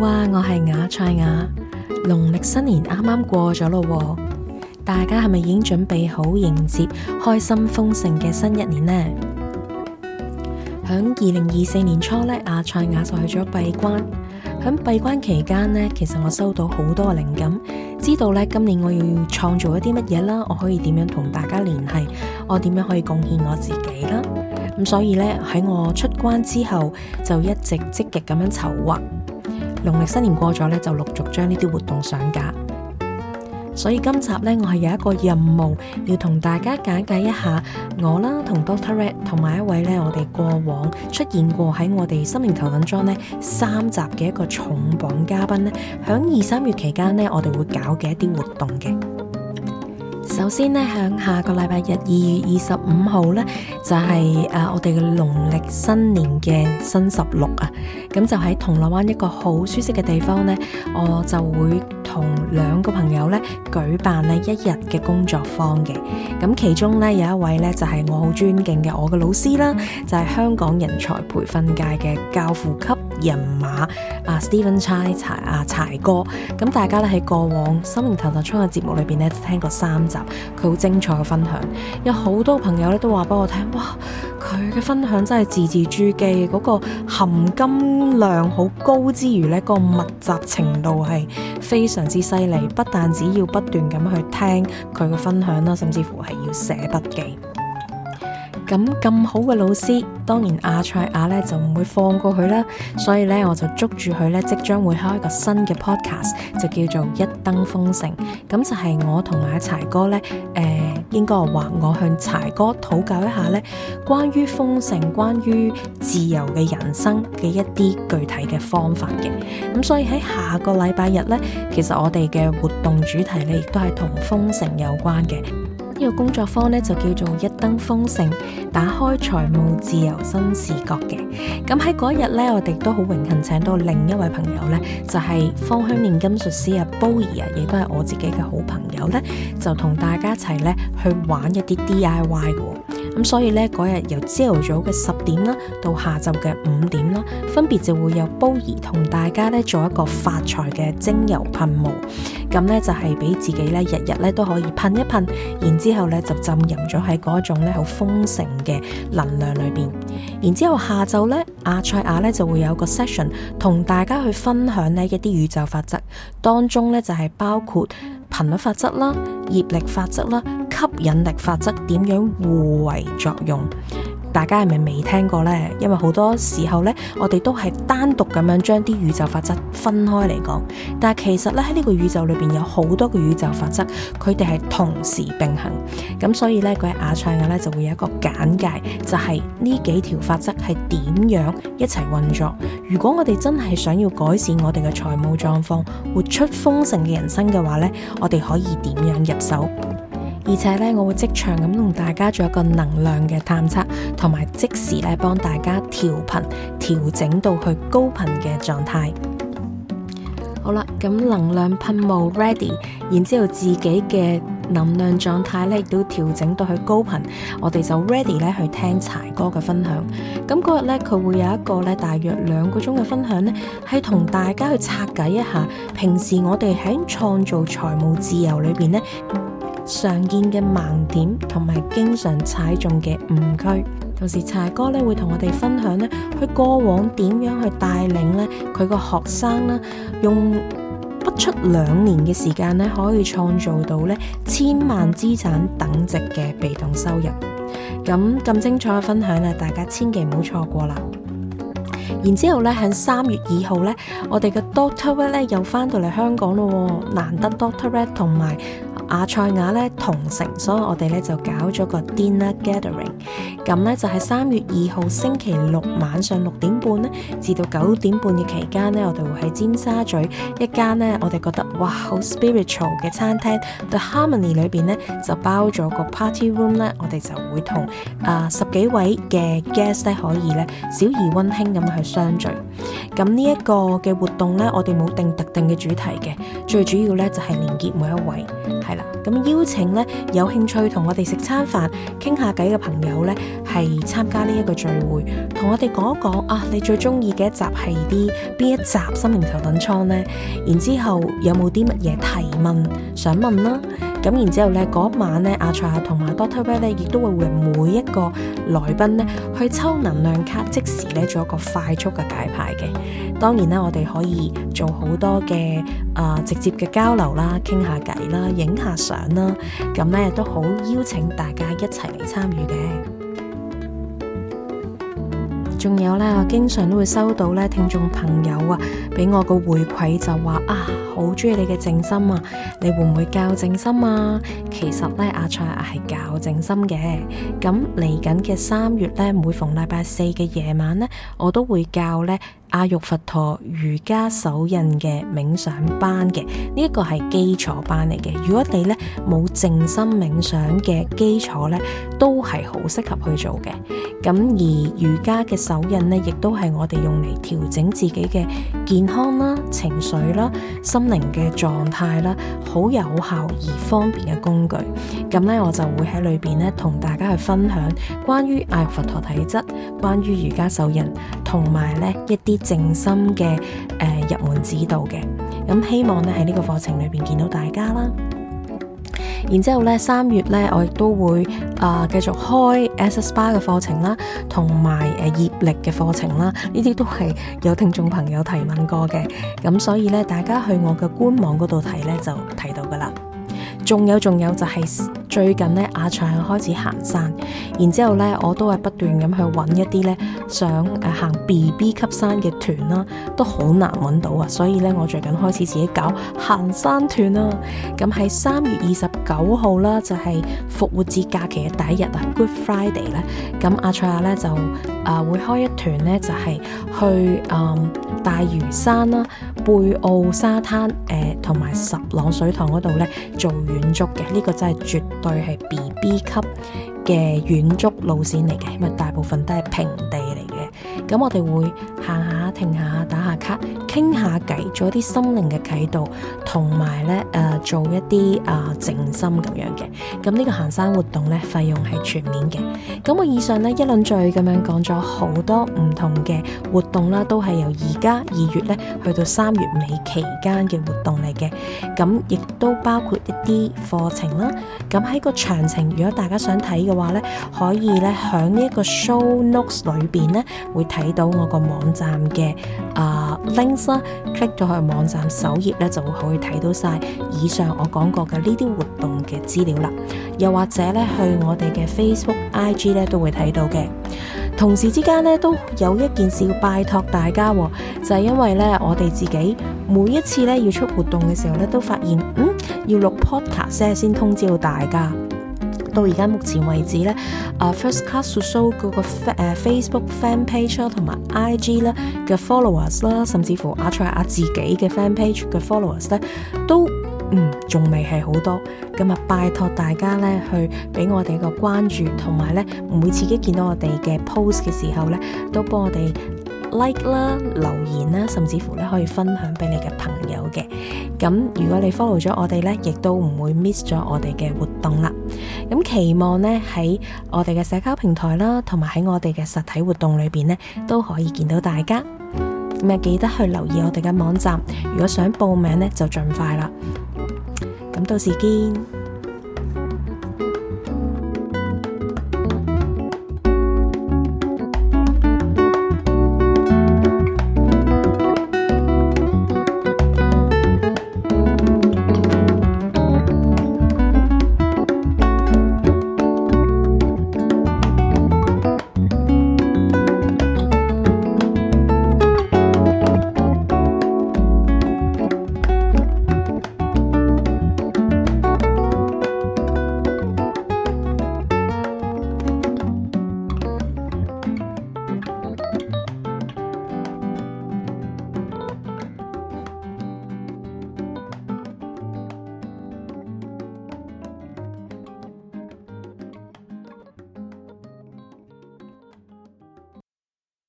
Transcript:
哇、啊！我係亞賽雅，農曆新年啱啱過咗咯、啊。大家係咪已經準備好迎接開心豐盛嘅新一年呢？喺二零二四年初呢，亞賽雅就去咗閉關。喺閉關期間呢，其實我收到好多靈感，知道呢今年我要創造一啲乜嘢啦。我可以點樣同大家聯繫？我點樣可以貢獻我自己啦？咁所以呢，喺我出關之後，就一直積極咁樣籌劃。農曆新年過咗咧，就陸續將呢啲活動上架。所以今集咧，我係有一個任務，要同大家簡介一下我啦，同 Doctor Red，同埋一位咧，我哋過往出現過喺我哋心靈頭等艙呢三集嘅一個重磅嘉賓咧，響二三月期間咧，我哋會搞嘅一啲活動嘅。首先呢，響下個禮拜日二月二十五號呢，就係、是、我哋嘅農曆新年嘅新十六啊，咁就喺銅鑼灣一個好舒適嘅地方呢，我就會同兩個朋友呢舉辦呢一日嘅工作坊嘅，咁其中呢，有一位呢，就係我好尊敬嘅我嘅老師啦，就係香港人才培訓界嘅教父級。人馬啊，Stephen Chai 柴柴啊柴哥，咁大家咧喺過往《心靈投探窗》嘅節目裏邊咧聽過三集，佢好精彩嘅分享。有好多朋友咧都話俾我聽，哇！佢嘅分享真係字字珠璣，嗰、那個含金量好高之餘呢，嗰、那個密集程度係非常之犀利。不但只要不斷咁去聽佢嘅分享啦，甚至乎係要寫筆記。咁咁好嘅老師，當然亞賽雅咧就唔會放過佢啦，所以咧我就捉住佢咧，即將會開一個新嘅 podcast，就叫做一燈豐盛。咁就係我同阿柴哥咧，誒、呃，應該話我向柴哥討教一下咧，關於豐盛、關於自由嘅人生嘅一啲具體嘅方法嘅。咁所以喺下個禮拜日咧，其實我哋嘅活動主題咧亦都係同豐盛有關嘅。呢個工作坊呢，就叫做一燈豐盛，打開財務自由新視角。嘅咁喺嗰日呢，我哋都好榮幸請到另一位朋友呢，就係芳香煉金術師啊 Boyer 啊，亦都係我自己嘅好朋友呢，就同大家一齊呢去玩一啲 DIY 嘅。咁所以呢，嗰日由朝頭早嘅十點啦，到下晝嘅五點啦，分別就會有煲兒同大家咧做一個發財嘅精油噴霧。咁咧就係俾自己咧日日咧都可以噴一噴，然之後咧就浸淫咗喺嗰種咧好豐盛嘅能量裏邊。然之後下晝咧，亞賽雅咧就會有個 session 同大家去分享呢一啲宇宙法則，當中咧就係包括頻率法則啦、業力法則啦。吸引力法則點樣互為作用？大家係咪未聽過呢？因為好多時候呢，我哋都係單獨咁樣將啲宇宙法則分開嚟講。但係其實咧喺呢個宇宙裏邊有好多嘅宇宙法則，佢哋係同時並行咁，所以呢，各位亞賽雅呢就會有一個簡介，就係呢幾條法則係點樣一齊運作。如果我哋真係想要改善我哋嘅財務狀況，活出豐盛嘅人生嘅話呢，我哋可以點樣入手？而且咧，我會即場咁同大家做一個能量嘅探測，同埋即時咧幫大家調頻調整到去高頻嘅狀態。好啦，咁能量噴霧 ready，然之後自己嘅能量狀態咧亦都調整到去高頻，我哋就 ready 咧去聽柴哥嘅分享。咁嗰日咧，佢會有一個咧大約兩個鐘嘅分享咧，係同大家去拆解一下平時我哋喺創造財務自由裏邊咧。常見嘅盲點同埋經常踩中嘅誤區，同時柴哥咧會同我哋分享呢佢過往點樣去帶領呢佢個學生呢，用不出兩年嘅時間呢，可以創造到呢千萬資產等值嘅被動收入。咁咁精彩嘅分享啊，大家千祈唔好錯過啦。然之後呢，喺三月二號呢，我哋嘅 Doctor Red 咧又翻到嚟香港咯、哦，難得 Doctor Red 同埋，亞賽雅咧同城，所以我哋咧就搞咗個 dinner gathering，咁咧就係、是、三月二號星期六晚上六點半咧，至到九點半嘅期間咧，我哋會喺尖沙咀一間咧，我哋覺得哇好 spiritual 嘅餐廳 The Harmony 裏邊咧，就包咗個 party room 咧，我哋就會同啊、呃、十幾位嘅 guest 咧可以咧，小而溫馨咁去相聚。咁呢一個嘅活動咧，我哋冇定特定嘅主題嘅，最主要咧就係、是、連結每一位，係啦。咁邀請咧有興趣同我哋食餐飯傾下偈嘅朋友咧，係參加呢一個聚會，同我哋講一講啊，你最中意嘅一集係啲邊一集《心靈頭等艙》咧？然之後有冇啲乜嘢提問想問啦？咁然之後咧，嗰晚咧，阿蔡同埋 Doctor Bed 咧，亦和、啊、都會為每一個來賓呢，去抽能量卡，即時咧做一個快速嘅解牌嘅。當然啦，我哋可以做好多嘅啊、呃、直接嘅交流啦，傾下偈啦，影下相啦，咁、啊、咧都好邀請大家一齊嚟參與嘅。仲有呢，我經常都會收到呢，聽眾朋友啊，俾我個回饋就話啊～好中意你嘅靜心啊！你會唔會教靜心啊？其實呢，亞賽雅係教靜心嘅。咁嚟緊嘅三月呢，每逢禮拜四嘅夜晚呢，我都會教呢。阿育吠陀瑜伽手印嘅冥想班嘅，呢一個係基礎班嚟嘅。如果你咧冇靜心冥想嘅基礎咧，都係好適合去做嘅。咁而瑜伽嘅手印咧，亦都係我哋用嚟調整自己嘅健康啦、情緒啦、心靈嘅狀態啦，好有效而方便嘅工具。咁咧，我就會喺裏邊咧同大家去分享關於阿育吠陀體質、關於瑜伽手印同埋咧一啲。靜心嘅誒入門指導嘅，咁希望咧喺呢個課程裏邊見到大家啦。然之後咧三月咧我亦都會啊繼、呃、續開 SSR 嘅課程啦，同埋誒業力嘅課程啦，呢啲都係有聽眾朋友提問過嘅，咁、嗯、所以咧大家去我嘅官網嗰度睇咧就睇到噶啦。仲有仲有就係最近咧，阿卓啊開始行山，然之後咧我都係不斷咁去揾一啲咧想誒行 BB 級山嘅團啦，都好難揾到啊！所以咧我最近開始自己搞行山團啦、啊。咁喺三月二十九號啦，就係、是、復活節假期嘅第一日啊，Good Friday 咧。咁阿卓啊咧就誒、呃、會開一團咧，就係、是、去誒、呃、大嶼山啦。貝澳沙灘誒，同、呃、埋十塱水塘嗰度咧做遠足嘅，呢、這個真係絕對係 BB 級嘅遠足路線嚟嘅，因為大部分都係平地嚟嘅，咁我哋會行下、停下、打下卡。傾下偈，做一啲心靈嘅啟導，同埋咧誒做一啲啊、呃、靜心咁樣嘅。咁呢個行山活動咧，費用係全免嘅。咁我以上咧一輪再咁樣講咗好多唔同嘅活動啦，都係由而家二月咧去到三月尾期間嘅活動嚟嘅。咁亦都包括一啲課程啦。咁喺個詳情，如果大家想睇嘅話咧，可以咧喺呢一個 show notes 裏邊咧會睇到我個網站嘅啊。呃 link 啦，click 咗去網站首頁咧，就會可以睇到晒以上我講過嘅呢啲活動嘅資料啦。又或者咧，去我哋嘅 Facebook、IG 咧都會睇到嘅。同時之間咧，都有一件事要拜託大家，就係因為咧我哋自己每一次咧要出活動嘅時候咧，都發現嗯要錄 podcast 先通知到大家。到而家目前為止呢啊，First Class 2 Soul 嗰個誒 Facebook fan page 同埋 IG 啦嘅 followers 啦，甚至乎阿蔡阿自己嘅 fan page 嘅 followers 咧，都嗯仲未係好多。咁啊，拜託大家呢去俾我哋一個關注，同埋咧每次一見到我哋嘅 post 嘅時候呢，都幫我哋，like 啦、留言啦，甚至乎咧可以分享俾你嘅朋友嘅。咁如果你 follow 咗我哋呢，亦都唔會 miss 咗我哋嘅活動啦。咁期望呢喺我哋嘅社交平台啦，同埋喺我哋嘅實體活動裏邊呢，都可以見到大家。咁啊，記得去留意我哋嘅網站。如果想報名呢，就盡快啦。咁到時見。